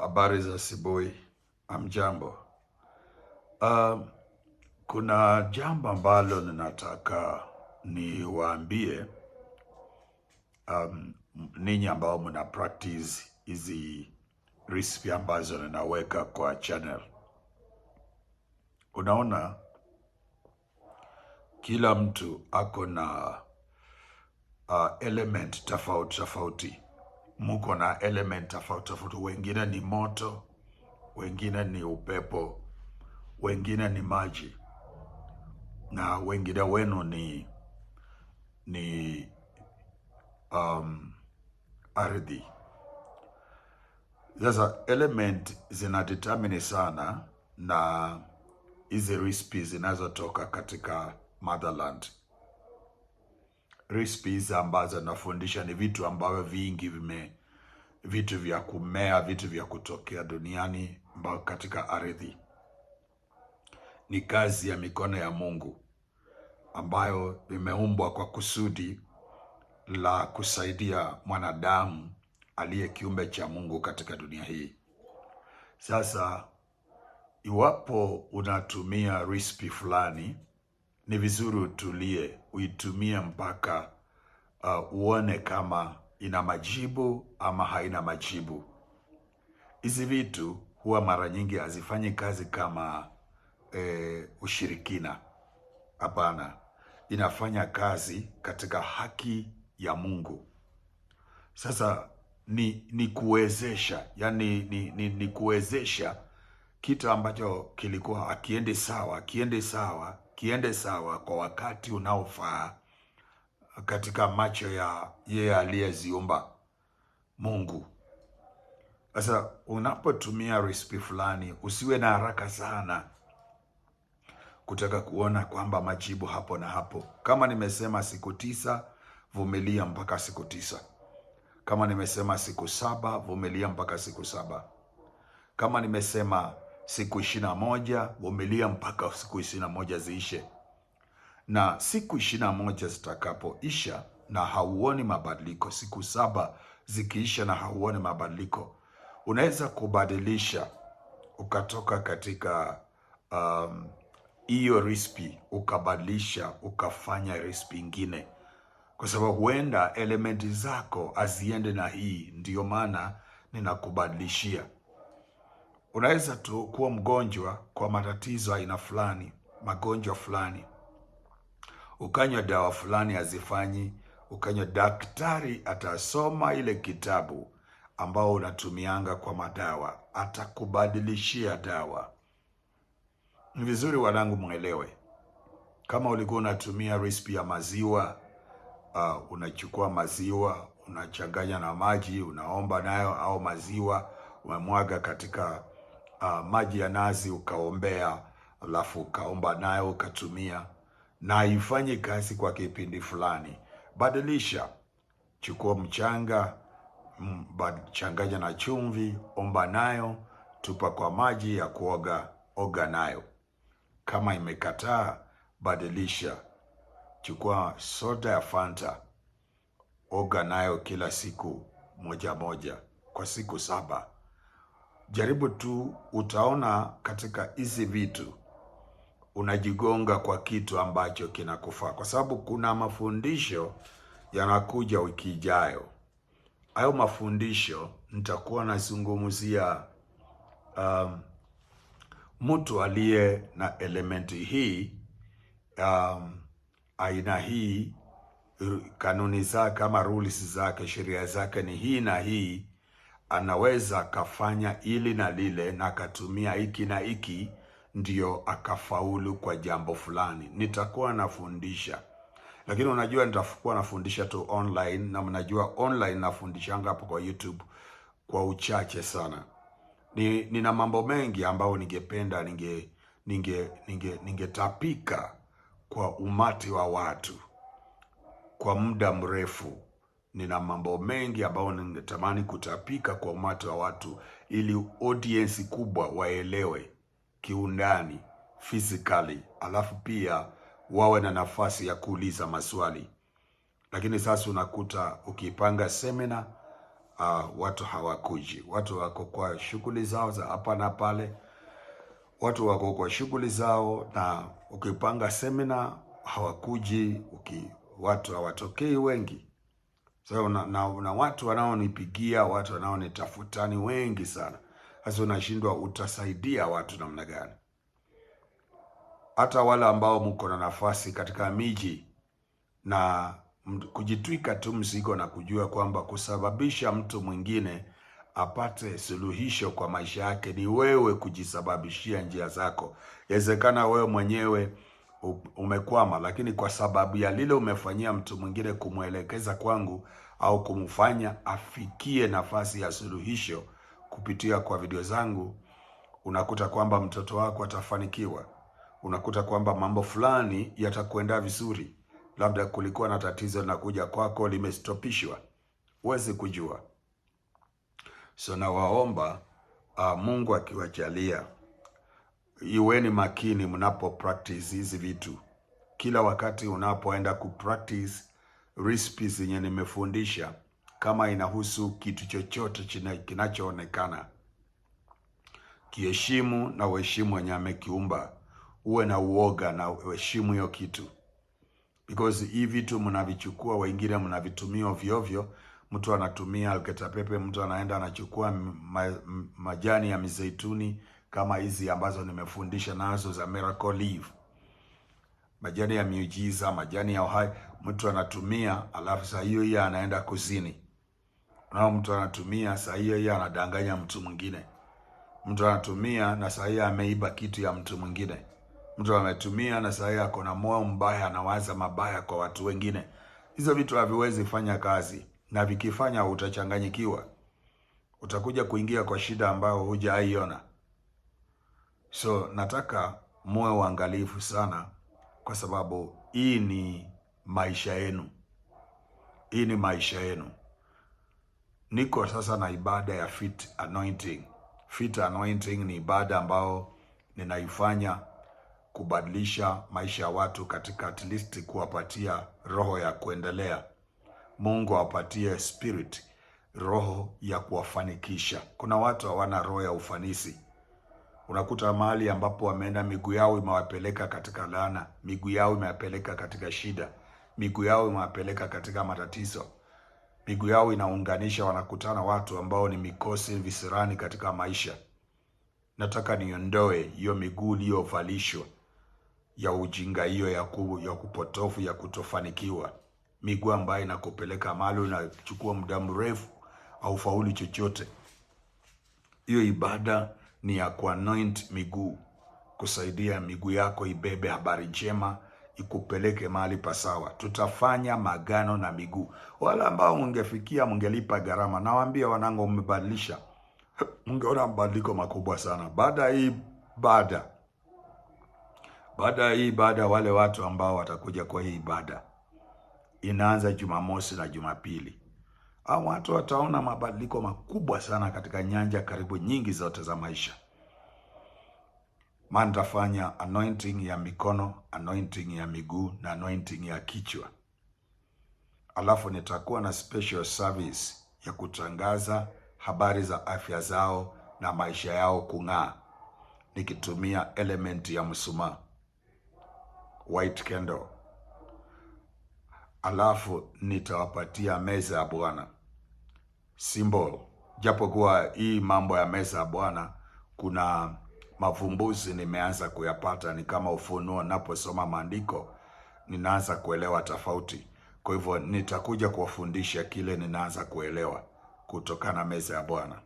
Habari za asubuhi, amjambo. Uh, um, kuna jambo ambalo ninataka niwaambie um, ninyi ambao mna practice hizi recipe ambazo ninaweka kwa channel. Unaona, kila mtu ako na uh, element tofauti tofauti muko na element tofauti tofauti, wengine ni moto, wengine ni upepo, wengine ni maji na wengine wenu ni ni um, ardhi. Sasa element zina determine sana na hizi recipe zinazotoka katika motherland recipes ambazo nafundisha ni vitu ambavyo vingi vime vitu vya kumea, vitu vya kutokea duniani ambao katika ardhi. Ni kazi ya mikono ya Mungu ambayo imeumbwa kwa kusudi la kusaidia mwanadamu aliye kiumbe cha Mungu katika dunia hii. Sasa iwapo unatumia recipe fulani ni vizuri utulie, uitumie mpaka uh, uone kama ina majibu ama haina majibu. Hizi vitu huwa mara nyingi hazifanyi kazi kama e, ushirikina. Hapana, inafanya kazi katika haki ya Mungu. Sasa ni ni kuwezesha, yani ni, ni, ni kuwezesha kitu ambacho kilikuwa akiendi sawa, akiendi sawa kiende sawa kwa wakati unaofaa katika macho ya yeye aliyeziumba Mungu. Sasa unapotumia recipe fulani, usiwe na haraka sana kutaka kuona kwamba majibu hapo na hapo. Kama nimesema siku tisa, vumilia mpaka siku tisa. Kama nimesema siku saba, vumilia mpaka siku saba. Kama nimesema siku ishirini na moja vumilia mpaka siku ishirini na moja ziishe. Na siku ishirini na moja zitakapoisha na hauoni mabadiliko, siku saba zikiisha na hauoni mabadiliko, unaweza kubadilisha ukatoka katika um, hiyo um, rispi ukabadilisha ukafanya rispi ingine, kwa sababu huenda elementi zako haziende na hii. Ndiyo maana ninakubadilishia Unaweza tu kuwa mgonjwa kwa matatizo aina fulani, magonjwa fulani, ukanywa dawa fulani hazifanyi, ukanywa. Daktari atasoma ile kitabu ambao unatumianga kwa madawa, atakubadilishia dawa. Ni vizuri wanangu, mwelewe. Kama ulikuwa unatumia recipe ya maziwa uh, unachukua maziwa unachanganya na maji, unaomba nayo, au maziwa umemwaga katika uh, maji ya nazi ukaombea, alafu ukaomba nayo ukatumia, na ifanye kazi kwa kipindi fulani. Badilisha, chukua mchanga mm, changanya na chumvi, omba nayo, tupa kwa maji ya kuoga, oga nayo. Kama imekataa, badilisha, chukua soda ya Fanta, oga nayo kila siku moja moja kwa siku saba jaribu tu, utaona katika hizi vitu unajigonga kwa kitu ambacho kinakufaa, kwa sababu kuna mafundisho yanakuja wiki ijayo. Hayo mafundisho nitakuwa nazungumzia um, mtu aliye na elementi hii um, aina hii, kanuni zake ama rules zake, sheria zake ni hii na hii anaweza akafanya hili na lile na akatumia hiki na hiki ndio akafaulu kwa jambo fulani. Nitakuwa nafundisha, lakini unajua nitakuwa nafundisha tu online, na mnajua online nafundishanga hapo kwa YouTube kwa uchache sana. Ni, nina mambo mengi ambayo ningependa ninge ninge ninge ningetapika kwa umati wa watu kwa muda mrefu nina mambo mengi ambayo ningetamani kutapika kwa umati wa watu ili audience kubwa waelewe kiundani physically, alafu pia wawe na nafasi ya kuuliza maswali. Lakini sasa unakuta ukipanga semina uh, ah, watu hawakuji, watu wako kwa shughuli zao za hapa na pale, watu wako kwa shughuli zao, na ukipanga semina hawakuji uki, watu hawatokei wengi. So, na, na, na watu wanaonipigia watu wanaonitafuta ni wengi sana. Sasa unashindwa utasaidia watu namna gani? Hata wale ambao mko na nafasi katika miji na kujitwika tu mzigo na kujua kwamba kusababisha mtu mwingine apate suluhisho kwa maisha yake ni wewe kujisababishia njia zako. Yawezekana wewe mwenyewe umekwama, lakini kwa sababu ya lile umefanyia mtu mwingine, kumwelekeza kwangu au kumfanya afikie nafasi ya suluhisho kupitia kwa video zangu, unakuta kwamba mtoto wako atafanikiwa, unakuta kwamba mambo fulani yatakwenda vizuri. Labda kulikuwa na tatizo linakuja kwako, limestopishwa, huwezi kujua. So nawaomba ah, Mungu akiwajalia iweni makini mnapo practice hizi vitu. Kila wakati unapoenda ku practice recipe zenye nimefundisha, kama inahusu kitu chochote kinachoonekana, kiheshimu na uheshimu wenye amekiumba, uwe na uoga na uheshimu hiyo kitu, because hii vitu mnavichukua, wengine mnavitumia vyovyo Mtu anatumia algeta pepe, mtu anaenda anachukua majani ya mizeituni kama hizi ambazo nimefundisha nazo za miracle leaf, majani ya miujiza, majani ya uhai, mtu anatumia alafu saa hiyo hiyo anaenda kuzini nao, mtu anatumia saa hiyo hiyo anadanganya mtu mwingine, mtu anatumia na saa hiyo ameiba kitu ya mtu mwingine, mtu ametumia na saa hiyo ako na moyo mbaya, anawaza mabaya kwa watu wengine. Hizo vitu haviwezi fanya kazi, na vikifanya utachanganyikiwa, utakuja kuingia kwa shida ambayo hujaiona. So nataka muwe waangalifu sana, kwa sababu hii ni maisha yenu, hii ni maisha yenu. Niko sasa na ibada ya fit anointing. Fit anointing ni ibada ambayo ninaifanya kubadilisha maisha ya watu katika at least kuwapatia roho ya kuendelea. Mungu awapatie spirit, roho ya kuwafanikisha. Kuna watu hawana roho ya ufanisi unakuta mahali ambapo wameenda miguu yao imewapeleka katika laana, miguu yao imewapeleka katika shida, miguu yao imewapeleka katika matatizo, miguu yao inaunganisha, wanakutana watu ambao ni mikosi, visirani katika maisha. Nataka niondoe hiyo miguu iliyovalishwa ya ujinga, hiyo ya, ya kupotofu, ya kutofanikiwa, miguu ambayo inakupeleka mahali unachukua muda mrefu au faulu chochote. Hiyo ibada ni ya kuanoint miguu, kusaidia miguu yako ibebe habari njema ikupeleke mahali pasawa. Tutafanya magano na miguu. Wale ambao mngefikia mngelipa gharama, nawaambia wanangu, mmebadilisha, mngeona mabadiliko makubwa sana baada ya hii baada Baada ya hii ibada, wale watu ambao watakuja kwa hii ibada, inaanza Jumamosi na Jumapili au watu wataona mabadiliko makubwa sana katika nyanja karibu nyingi zote za maisha. Maana nitafanya anointing ya mikono, anointing ya miguu na anointing ya kichwa, alafu nitakuwa na special service ya kutangaza habari za afya zao na maisha yao kung'aa, nikitumia element ya msumaa white candle, alafu nitawapatia meza ya Bwana symbol, japokuwa hii mambo ya meza bwana, kuna mavumbuzi nimeanza kuyapata, ni kama ufunuo. Naposoma maandiko ninaanza kuelewa tofauti. Kwa hivyo nitakuja kuwafundisha kile ninaanza kuelewa kutokana na meza ya Bwana,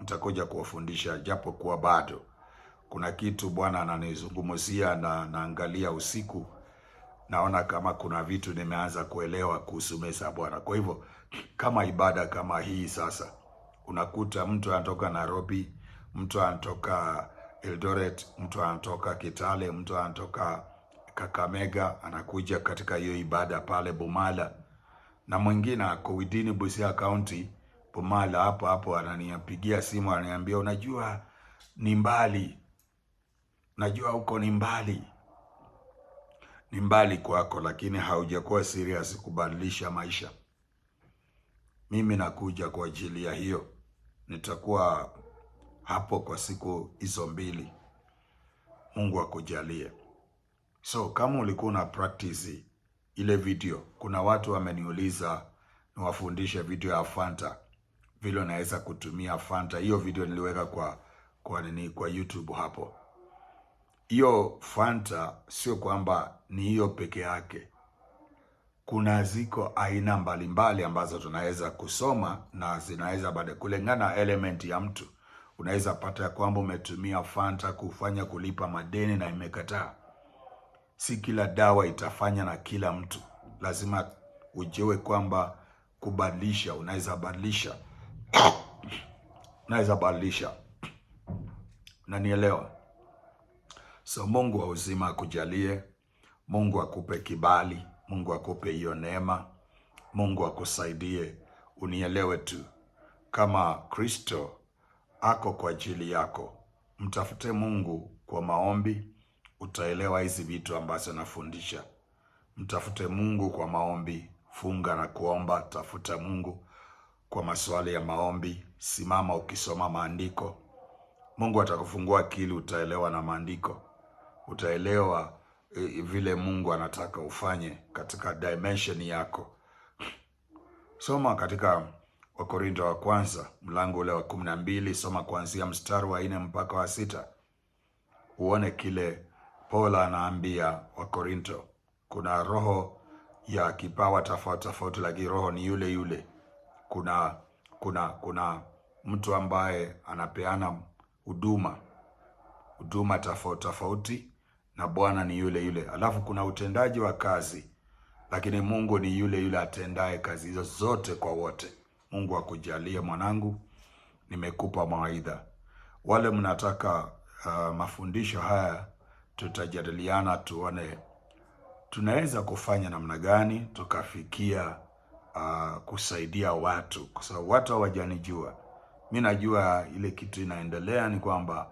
nitakuja kuwafundisha kuwa bado kuna kitu Bwana ananizungumzia na naangalia usiku, naona kama kuna vitu nimeanza kuelewa kuhusu meza ya Bwana. Kwa hivyo kama ibada kama hii sasa, unakuta mtu anatoka Nairobi, mtu anatoka Eldoret, mtu anatoka Kitale, mtu anatoka Kakamega, anakuja katika hiyo ibada pale Bomala, na mwingine ako widini Busia County Bomala hapo hapo, ananiapigia simu ananiambia, unajua ni mbali, najua huko ni mbali ni mbali kwako, lakini haujakuwa serious kubadilisha maisha mimi nakuja kwa ajili ya hiyo. Nitakuwa hapo kwa siku hizo mbili. Mungu akujalie. So kama ulikuwa una practice ile video, kuna watu wameniuliza niwafundishe video ya Fanta, vile naweza kutumia Fanta. Hiyo video niliweka kwa kwa nini, kwa YouTube hapo. Hiyo Fanta sio kwamba ni hiyo peke yake, kuna ziko aina mbalimbali mbali ambazo tunaweza kusoma na zinaweza baada kulingana element ya mtu. Unaweza pata ya kwamba umetumia Fanta kufanya kulipa madeni na imekataa. Si kila dawa itafanya na kila mtu, lazima ujue kwamba kubadilisha, unaweza badilisha unaweza badilisha, nanielewa. So Mungu wa uzima akujalie, Mungu akupe kibali Mungu akupe hiyo neema, Mungu akusaidie. Unielewe tu kama Kristo ako kwa ajili yako. Mtafute Mungu kwa maombi, utaelewa hizi vitu ambazo nafundisha. Mtafute Mungu kwa maombi, funga na kuomba. Tafuta Mungu kwa maswali ya maombi, simama ukisoma maandiko. Mungu atakufungua akili, utaelewa na maandiko, utaelewa E, vile Mungu anataka ufanye katika dimension yako. Soma katika Wakorinto wa kwanza mlango ule wa kumi na mbili, soma kuanzia mstari wa nne mpaka wa sita uone kile Paul anaambia Wakorinto. Kuna roho ya kipawa tofauti tofauti, lakini roho ni yule yule. Kuna kuna kuna mtu ambaye anapeana huduma huduma tofauti tofauti na Bwana ni yule yule. Alafu kuna utendaji wa kazi, lakini Mungu ni yule yule atendaye kazi hizo zote kwa wote. Mungu akujalie mwanangu, nimekupa mawaidha. Wale mnataka uh, mafundisho haya, tutajadiliana tuone tunaweza kufanya namna gani tukafikia uh, kusaidia watu, kwa sababu watu hawajanijua mi. Najua ile kitu inaendelea ni kwamba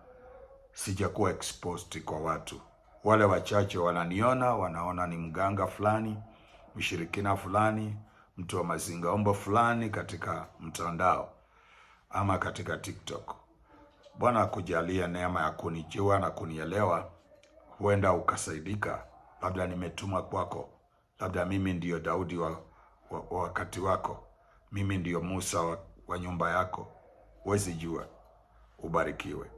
sijakuwa exposed kwa watu. Wale wachache wananiona, wanaona ni mganga fulani, mshirikina fulani, mtu wa mazingaombo fulani katika mtandao ama katika TikTok. Bwana akujalie neema ya kunijua na kunielewa, huenda ukasaidika. Labda nimetuma kwako, labda mimi ndiyo Daudi wa, wa, wa wakati wako, mimi ndiyo Musa wa, wa nyumba yako. Huwezi jua. Ubarikiwe.